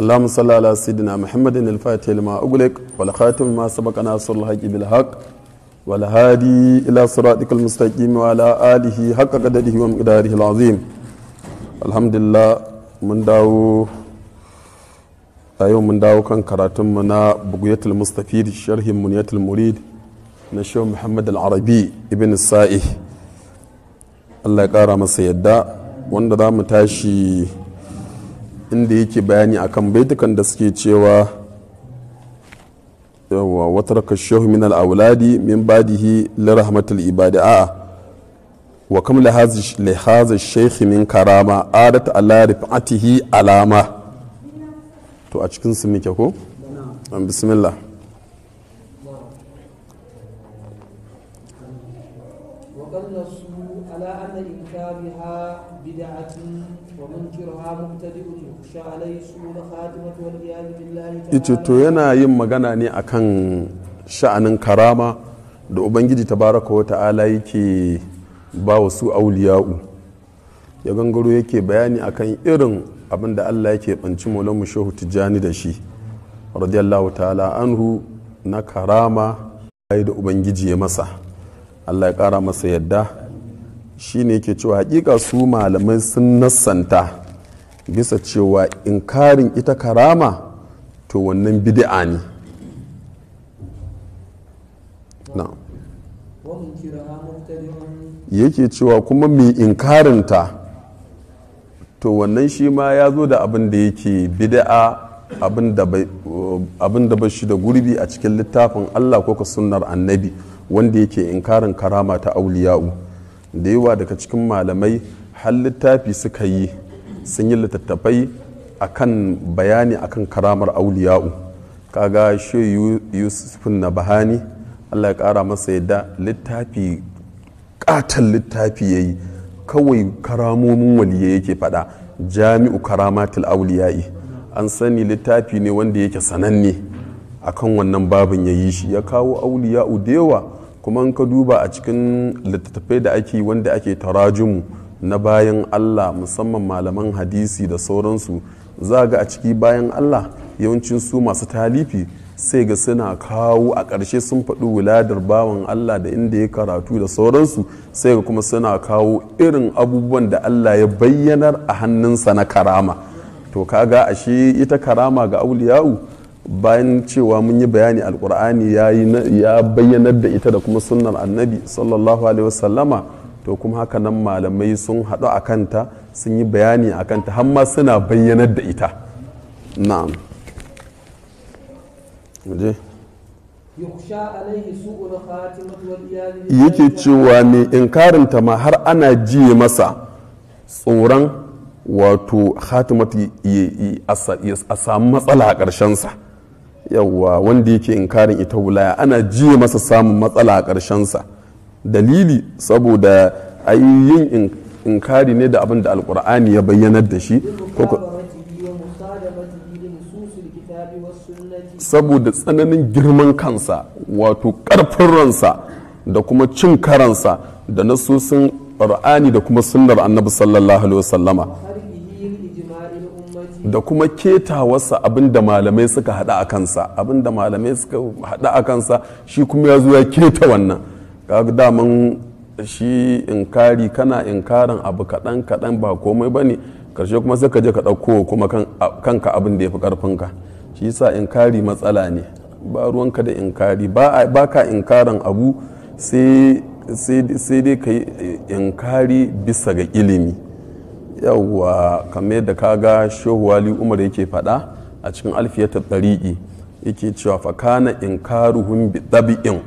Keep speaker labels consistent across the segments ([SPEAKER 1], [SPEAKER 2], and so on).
[SPEAKER 1] اللهم صل على سيدنا محمد الفاتح لما أغلق والخاتم ما سبق ناصر الحق بالحق والهادي إلى صراطك المستقيم وعلى آله حق قدره ومقداره العظيم الحمد لله من yau mun dawo kan karatunmu na buguyatul mustafid sharhin muniyatul murid na shehu muhammad al ibin sa'i allah ya kara masa yadda wanda za mu tashi inda yake bayani akan baitukan da suke cewa yawa watar kashehu min al'auladi min badihi lirahmatul ibadi a wa kam lahaza shaikh min karama adat ala rifatihi alama to a cikin sun muke ko bismillah منكرها بدعة ومنكرها مبتدئ يخشى عليه سوء الخاتمة والعياذ بالله تعالى إتو ينا يم مغانا ني أكن شأن كرامة da ubangiji tabaraka wa ta'ala yake ba wa su auliya'u ya gangaro yake bayani akan irin abin da allah yake banci maulan shehu tijjani da shi radiyallahu ta'ala anhu na karama da ubangiji ya masa allah ya kara masa yadda shine ke cewa hakika su malamai sun nasanta bisa cewa inkarin ita karama to wannan bid'a ne yake cewa kuma mai inkarinta to wannan shi ma ya zo da abin da yake bid'a abin da ba shi da gurbi a cikin littafin allah ko sunnar annabi wanda yake inkarin karama ta auliya'u da yawa daga cikin malamai har littafi suka yi sun yi littattafai akan bayani akan karamar auliya'u kaga shi yusuf na bahani allah ya kara masa yadda littafi katon littafi ya yi kawai karamomin waliya yake faɗa jami'u karamatul auliya'i an sani littafi ne wanda yake sananne akan wannan babin ya yi shi ya kawo auliya'u da yawa kuma ka duba a cikin littattafai da ake wanda ake tarajumu na bayan allah musamman malaman hadisi da sauransu za ga a ciki bayan allah yawancin su masu talifi sai ga suna kawo a ƙarshe sun faɗi wuladar bawan allah da inda ya karatu da sauransu sai ga kuma suna kawo irin abubuwan da allah ya bayyanar a hannunsa na karama to ka ga ashe ita karama ga auliyawu bayan cewa mun yi bayani alkur'ani ya bayyanar da ita da kuma sunnar annabi sallallahu alaihi wasallama to kuma haka nan malamai sun haɗu a kanta sun yi bayani a kanta har suna bayyanar da ita na'am yake cewa in karinta ma har ana jiye masa tsoron wato hatimatu a samu matsala a ƙarshensa. sa yawwa wanda yake inkarin ita wulaya ana jiye masa samun matsala a ƙarshensa dalili saboda a yin inkari ne da abin da alkur'ani ya bayyanar da shi saboda tsananin girman kansa wato ƙarfin ransa da kuma cin karansa da nasosin ƙur'ani da kuma sunnar annabi sallallahu alaihi wasallama da kuma ketawarsa abin da malamai suka hada a kansa abin da malamai suka hada a kansa shi kuma ya zo ya keta wannan kaga daman shi inkari kana inkarin abu kaɗan kaɗan ba komai ba ne karshe kuma sai ka je ka ɗauko kuma kanka abin da ya fi ƙarfinka shi yasa inkari matsala ne ba ruwanka da inkari ba ka inkarin abu sai dai ka yi eh, inkari bisa ga ilimi yawwa kamar yadda kaga ga wali umar yake faɗa a cikin alfiyatar ɗariƙi yake cewa fakana in karuhun bi ɗabi'in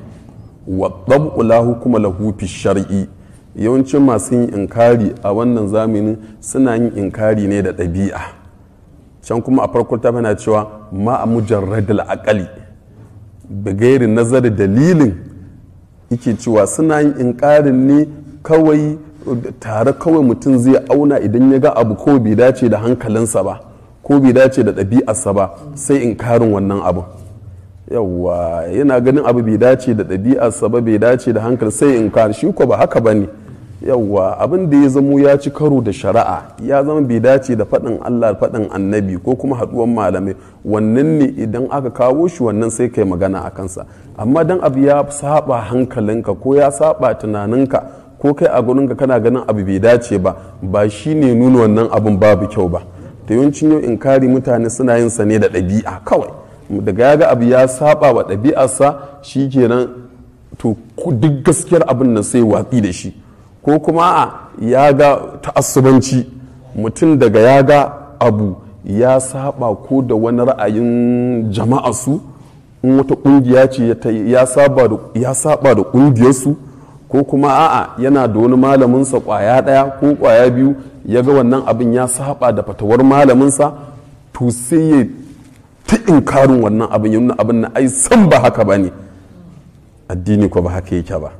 [SPEAKER 1] wa ɗab'ula hukuma kuma lahu shar'i yawancin masu yin inkari a wannan zamanin suna yin inkari ne da ɗabi'a can kuma a farko ta fana cewa ma a mujarradil aqali bagairi nazar dalilin yake cewa suna yin inkarin ne kawai tare kawai mutum zai auna idan ya ga abu ko bai dace da hankalinsa ba ko bai dace da ɗabi'arsa ba sai in karin wannan abu yawwa yana ganin abu bai dace da ɗabi'arsa ba bai dace da hankali sai in karin shi ko ba haka ba ne yawwa abin da ya zamo ya ci karo da shari'a ya zama bai dace da faɗin allah faɗin annabi ko kuma haɗuwan malamai wannan ne idan aka kawo shi wannan sai kai magana a kansa amma dan abu ya saba hankalinka ko ya saba tunaninka ko kai a gurin ka kana ganin abu bai dace ba ba shi ne nuna wannan abun babu kyau ba ta yawancin yau in inkari mutane suna yin sa ne da ɗabi'a kawai daga yaga abu ya saba wa ɗabi'arsa shi kenan to duk gaskiyar abin da sai watsi da shi ko kuma a ya ga ta'assubanci mutum daga ya ga abu ya saba ko da wani ra'ayin jama'a su in wata kungiya ce ya saba da kungiyarsu ko kuma a'a yana da wani malaminsa kwaya ɗaya ko kwaya biyu ya ga wannan abin ya saba da fatawar malaminsa to sai ya ta inkarin wannan abin ya nuna abin na ai san ba haka ba ne addini ko ba haka yake ba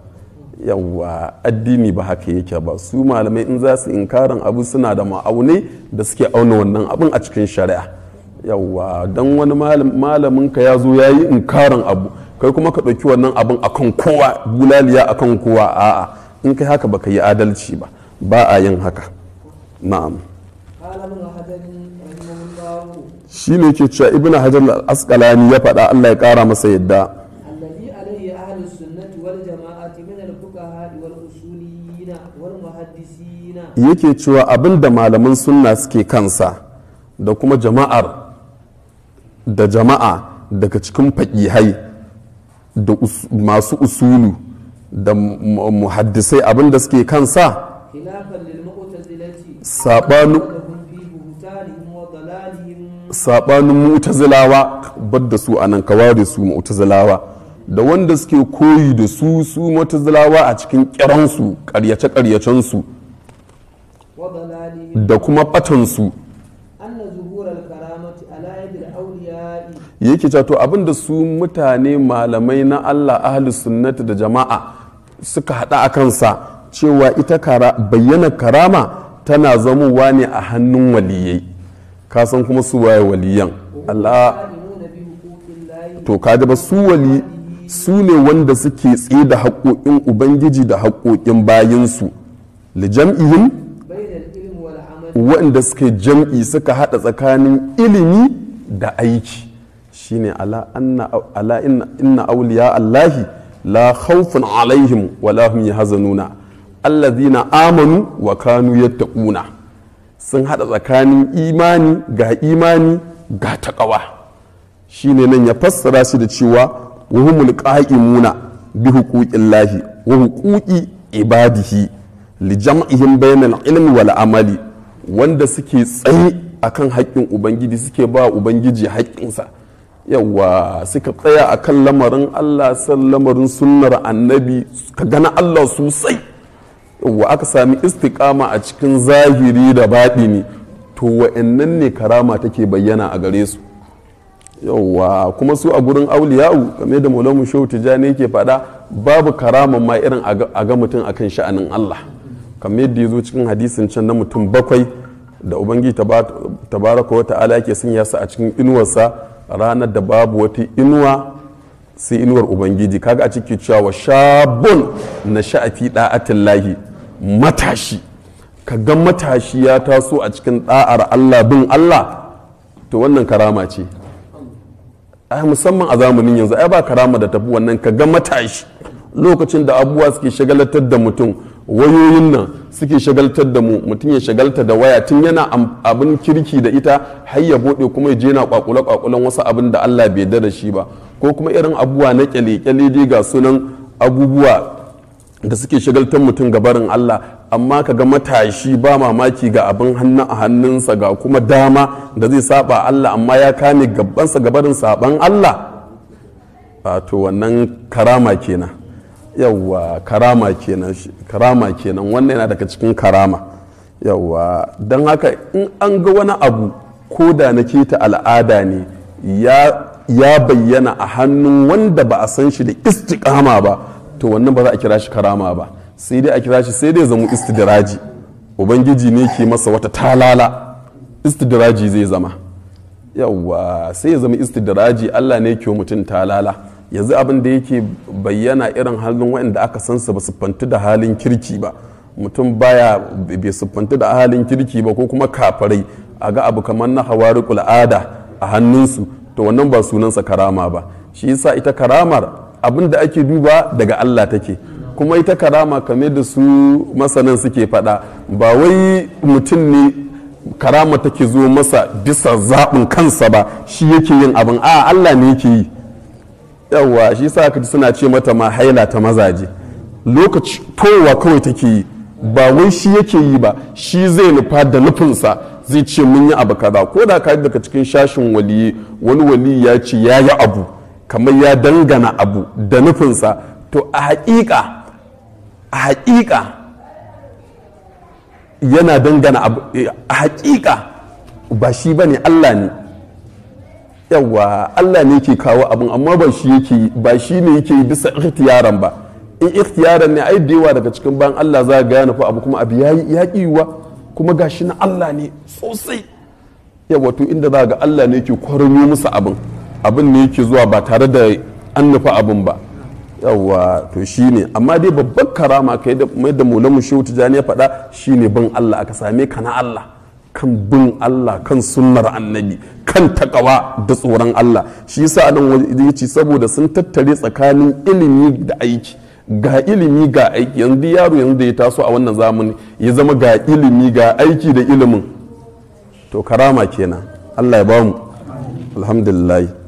[SPEAKER 1] yawwa addini ba haka yake ba su malamai in za su inkarin abu suna da ma'aunai da suke auna wannan abin a cikin shari'a yawwa don wani malaminka ya zo ya yi inkarin abu kai kuma ka ɗauki wannan abin akan kowa bulaliya akan kowa a in kai haka baka yi adalci ba ba a yin haka na'am shi ne ke cewa ibn hajar asqalani ya faɗa Allah ya ƙara masa yadda yake cewa abin da malaman sunna suke kansa da kuma jama'ar da jama'a daga cikin faƙihai da masu usulu da muhaddisai abinda suke suke kansa saɓanin mu'tazilawa badda su a nan kaware su mu'tazilawa da wanda suke koyi da su su mu'tazilawa a cikin kiransu ƙaryace-ƙaryacensu da kuma ɓatansu yake cewa to abin da su mutane malamai na Allah ahli sunnati da jama'a suka hada a kansa cewa ita kara bayyana karama tana zamowa ne a hannun waliyai kasan kuma su waye waliyan Allah to kaga ba su wali su ne wanda suke tsaye da haƙoƙin ubangiji da haƙoƙin bayinsu lijam'ihim wanda suke jam'i suka haɗa tsakanin ilimi da aiki shine ala ala inna awliya allahi la khawfun alaihim wa la hum yahzanuna allazina amanu wa kanu yattaquna sun hada tsakanin imani ga imani ga taqwa shine nan ya fassara shi da cewa wa humul qa'imuna bi huquqillahi wa huquqi ibadihi li jam'ihim bainal ilmi wal amali wanda suke tsaye akan haƙƙin ubangiji suke ba ubangiji haƙƙinsa yawa suka tsaya a kan lamarin allah san lamarin sunnar annabi ka gana allah sosai yawa aka sami istiƙama a cikin zahiri da baɗi ne to wa'annan ne karama take bayyana a gare su yawa kuma su a gurin auliya'u game da maulamu shehu tijjani yake faɗa babu karaman ma irin a ga mutum akan sha'anin allah kamar yadda ya zo cikin hadisin can na mutum bakwai da ubangiji tabaraka wa ta'ala yake sun yasa a cikin inuwarsa ranar da babu wata inuwa sai inuwar ubangiji kaga a ciki cewa wa shabun na sha'afi da'atin lahi matashi ka ga matashi ya taso a cikin da'ar Allah bin Allah to wannan karama ce ai musamman a zamanin yanzu ai ba karama da tafi wannan ka ga matashi lokacin da abubuwa suke shagalatar da mutum wayoyin nan suke shagaltar da mu mutum ya shagalta da waya tun yana abin kirki da ita har ya bude kuma ya je na kwakula kwakulan wasu abin da Allah bai dada shi ba ko kuma irin abubuwa na kyale kyale dai ga sunan abubuwa da suke shagaltar mutum gabarin Allah amma ka ga matashi ba mamaki ga abin hannu a hannunsa ga kuma dama da zai saba Allah amma ya kame gabansa gabarin saban Allah wato wannan karama kenan yawwa karama kenan karama kenan wannan yana daga cikin karama yawwa don haka in an ga wani abu ko da na ta al'ada ne ya bayyana a hannun wanda ba a san shi da istiqama ba to wannan ba za a kira shi karama ba sai dai a kira shi sai dai zama istidraji ubangiji ne ke masa wata talala istidraji zai zama yawwa sai ya zama istidraji allah ne ke mutum talala yanzu abin da yake bayyana irin halin waɗanda aka san su ba siffantu da halin kirki ba mutum baya bai siffantu da halin kirki ba ko kuma kafarai a ga abu kamar na hawari ada a hannunsu to wannan ba sunansa karama ba shi yasa ita karamar abin da ake duba daga Allah take kuma ita karama kame da su masanan suke faɗa ba wai mutum ne karama take zo masa bisa zaɓin kansa ba shi yake yin abin a Allah ne yake yi yawwa shi sa ka suna ce mata ma haila ta mazaje lokaci towa kawai take yi ba wai shi yake yi ba shi zai nufa da nufinsa zai ce mun yi abu kaza ko da ka daga cikin shashin waliyi wani wali ya ce ya yi abu kamar ya dangana abu da nufinsa to a haƙiƙa a haƙiƙa yana dangana abu eh, a haƙiƙa ba shi ba ne allah ne yawa Allah ne ke kawo abin amma ba shi yake ba shi ne yake bisa ikhtiyaran ba in ikhtiyaran ne ai da yawa daga cikin bayan Allah za ga yana fa abu kuma abu yayi ya kiwa kuma gashi na Allah ne sosai yawa to inda za ga Allah ne yake kwarmo musu abin abin ne yake zuwa ba tare da an nufa abin ba yawa to shine amma dai babbar karama kai da mai da mulamu shehu tijani ya faɗa shine bin Allah aka same ka na Allah kan bin Allah kan sunnar annabi kan takawa da tsoron Allah shi yasa nan yace saboda sun tattare tsakanin ilimi da aiki ga ilimi ga aiki yanzu yaro yanzu da ya taso a wannan zamani ya zama ga ilimi ga aiki da ilimin to karama kenan Allah ya bamu alhamdulillah